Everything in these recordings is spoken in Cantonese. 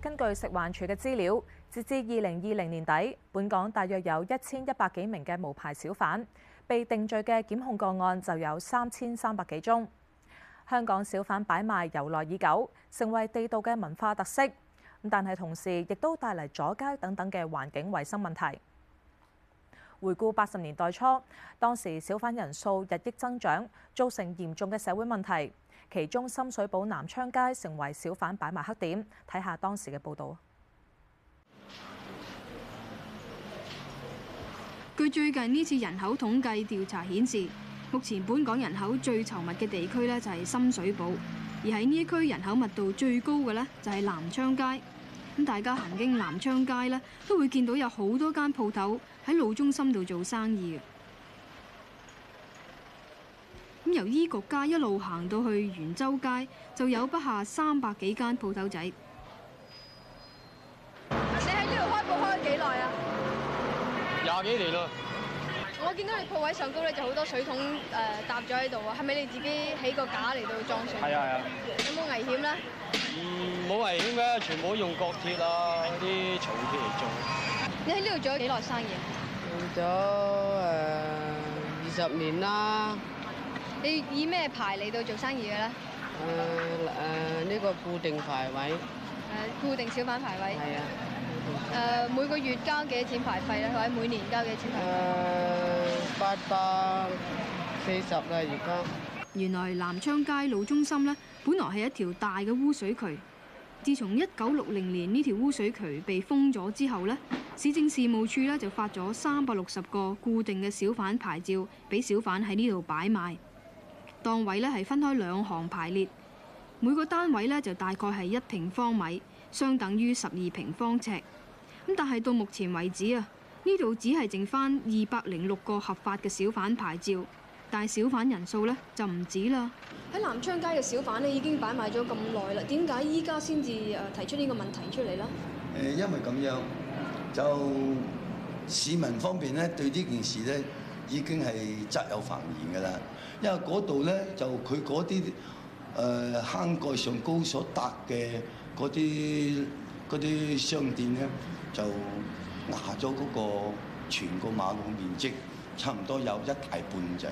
根據食環署嘅資料，截至二零二零年底，本港大約有一千一百幾名嘅無牌小販，被定罪嘅檢控個案就有三千三百幾宗。香港小販擺賣由來已久，成為地道嘅文化特色。但係同時亦都帶嚟阻街等等嘅環境衞生問題。回顧八十年代初，當時小販人數日益增長，造成嚴重嘅社會問題。其中深水埗南昌街成為小販擺賣黑點。睇下當時嘅報導。據最近呢次人口統計調查顯示，目前本港人口最稠密嘅地區呢就係深水埗，而喺呢區人口密度最高嘅呢就係南昌街。咁大家行經南昌街呢，都會見到有好多間鋪頭喺路中心度做生意。由醫局街一路行到去元州街，就有不下三百幾間鋪頭仔。你喺呢度開鋪開咗幾耐啊？廿幾年啦。我見到你鋪位上高咧，就好多水桶誒、呃、搭咗喺度啊，係咪你自己起個架嚟到裝水？係啊係啊。有冇危險咧？唔，冇危險嘅，全部用角鐵啊、啲鋁鐵嚟做。你喺呢度做咗幾耐生意？做咗誒二十年啦。你以咩牌嚟到做生意嘅咧？誒誒，呢個固定牌位。誒、呃、固定小販牌位。係啊。每個月交幾多錢牌費咧？或者每年交幾多錢牌費？誒，八百四十啦，而家。原來南昌街路中心咧，本來係一條大嘅污水渠。自從一九六零年呢條污水渠被封咗之後咧，市政事務處咧就發咗三百六十個固定嘅小販牌照俾小販喺呢度擺賣。檔位咧係分開兩行排列，每個單位咧就大概係一平方米，相等於十二平方尺。咁但係到目前為止啊，呢度只係剩翻二百零六個合法嘅小販牌照，但係小販人數咧就唔止啦。喺南昌街嘅小販咧已經擺賣咗咁耐啦，點解依家先至誒提出呢個問題出嚟咧？誒，因為咁樣就市民方面咧對呢件事咧已經係嘖有煩言噶啦，因為嗰度咧就佢嗰啲誒坑蓋上高所搭嘅嗰啲。嗰啲商店咧就拿咗嗰個全個馬路面積，差唔多有一大半仔。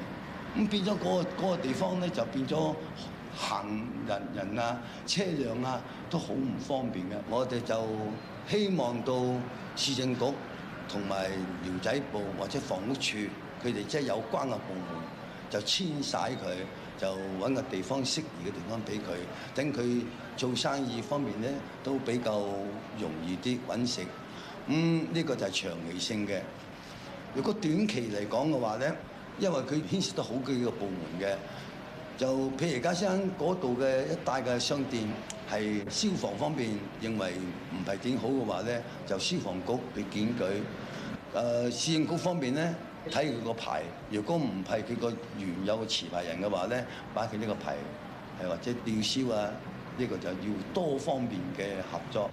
咁變咗嗰、嗰個嗰個地方咧，就變咗行人人啊、車輛啊都好唔方便嘅。我哋就希望到市政局同埋寮仔部或者房屋處，佢哋即係有關嘅部門。就遷徙佢，就揾個地方適宜嘅地方俾佢，等佢做生意方面咧都比較容易啲揾食。咁呢、嗯這個就係長期性嘅。如果短期嚟講嘅話咧，因為佢牽涉到好幾個部門嘅，就譬如而家先嗰度嘅一帶嘅商店係消防方面認為唔係點好嘅話咧，就消防局去檢舉。誒、呃，市政局方面咧。睇佢個牌，如果唔係佢個原有嘅持牌人嘅話咧，把佢呢個牌係或者吊銷啊，呢、這個就要多方面嘅合作。